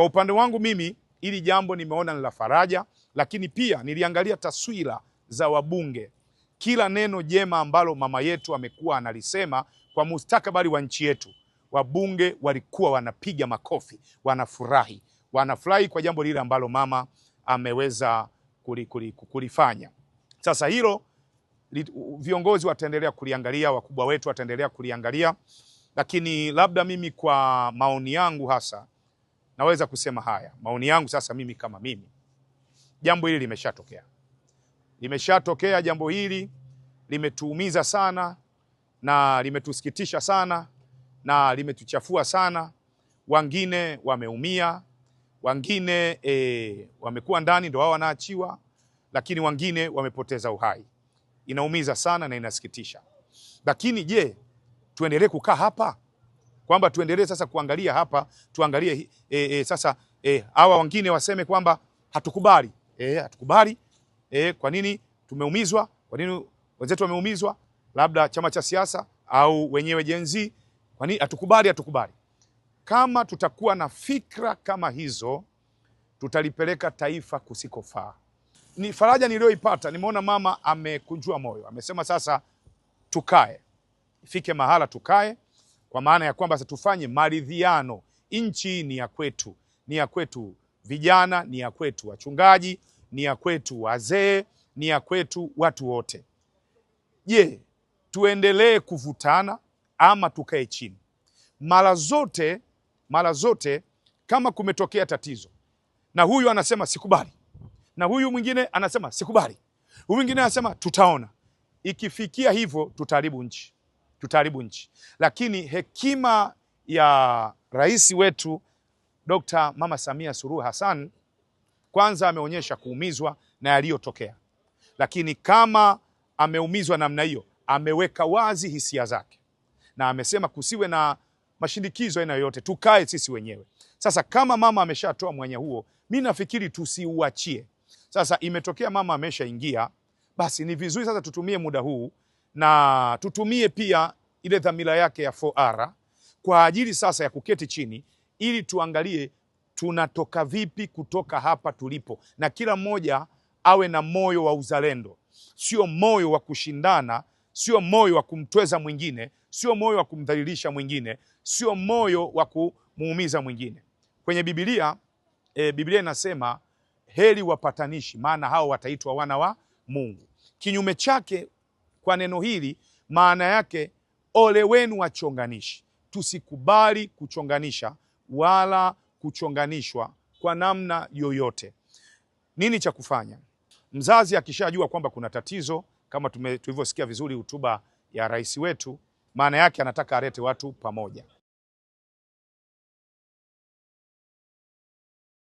Kwa upande wangu mimi hili jambo nimeona ni la faraja, lakini pia niliangalia taswira za wabunge, kila neno jema ambalo mama yetu amekuwa analisema kwa mustakabali wa nchi yetu, wabunge walikuwa wanapiga makofi, wanafurahi, wanafurahi kwa jambo lile ambalo mama ameweza kulifanya. Sasa hilo viongozi wataendelea kuliangalia, wakubwa wetu wataendelea kuliangalia, lakini labda mimi kwa maoni yangu hasa naweza kusema haya maoni yangu. Sasa mimi kama mimi, jambo hili limeshatokea, limeshatokea. Jambo hili limetuumiza sana na limetusikitisha sana na limetuchafua sana. Wengine wameumia, wengine e, wamekuwa ndani ndo wao wanaachiwa, lakini wengine wamepoteza uhai. Inaumiza sana na inasikitisha, lakini je, tuendelee kukaa hapa? kwamba tuendelee sasa kuangalia hapa, tuangalie e, e, sasa eh, hawa e, wengine waseme kwamba hatukubali e, hatukubali e, kwa nini tumeumizwa? Kwa nini wenzetu wameumizwa? Labda chama cha siasa au wenyewe jenzi, kwa nini hatukubali? Hatukubali. Kama tutakuwa na fikra kama hizo, tutalipeleka taifa kusikofaa. Ni faraja niliyoipata, nimeona mama amekunjua moyo, amesema sasa tukae, ifike mahala tukae kwa maana ya kwamba tufanye maridhiano. Nchi ni ya kwetu, ni ya kwetu vijana, ni ya kwetu wachungaji, ni ya kwetu wazee, ni ya kwetu watu wote. Je, tuendelee kuvutana ama tukae chini? Mara zote, mara zote kama kumetokea tatizo na huyu anasema sikubali, na huyu mwingine anasema sikubali, huyu mwingine anasema tutaona, ikifikia hivyo tutaharibu nchi tutaharibu nchi. Lakini hekima ya rais wetu Dr. Mama Samia Suluhu Hassan kwanza ameonyesha kuumizwa na yaliyotokea, lakini kama ameumizwa namna hiyo, ameweka wazi hisia zake na amesema kusiwe na mashindikizo aina yoyote, tukae sisi wenyewe. Sasa kama mama ameshatoa mwanya huo, mi nafikiri tusiuachie. Sasa imetokea mama ameshaingia, basi ni vizuri sasa tutumie muda huu na tutumie pia ile dhamira yake ya 4R kwa ajili sasa ya kuketi chini ili tuangalie tunatoka vipi kutoka hapa tulipo, na kila mmoja awe na moyo wa uzalendo, sio moyo wa kushindana, sio moyo wa kumtweza mwingine, sio moyo wa kumdhalilisha mwingine, sio moyo wa kumuumiza mwingine. Kwenye Biblia e, Biblia inasema heri wapatanishi, maana hao wataitwa wana wa Mungu. Kinyume chake kwa neno hili, maana yake ole wenu wachonganishi. Tusikubali kuchonganisha wala kuchonganishwa kwa namna yoyote. Nini cha kufanya? Mzazi akishajua kwamba kuna tatizo, kama tulivyosikia vizuri hotuba ya rais wetu, maana yake anataka alete watu pamoja.